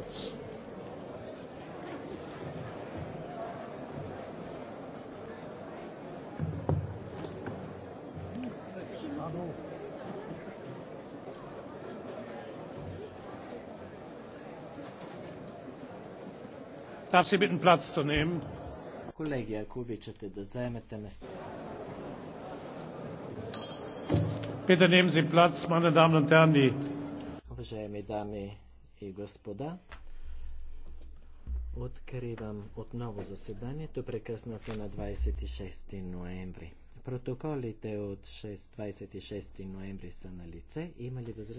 words. Darf Sie bitten, Platz zu nehmen? Колеги, ако обичате да заемете места. Bitte nehmen Sie Platz, meine Damen und Herren. Die Уважаеми дами и господа, откривам отново заседанието, прекъснато на 26 ноември. Протоколите от 6, 26 ноември са на лице. Има ли възраст?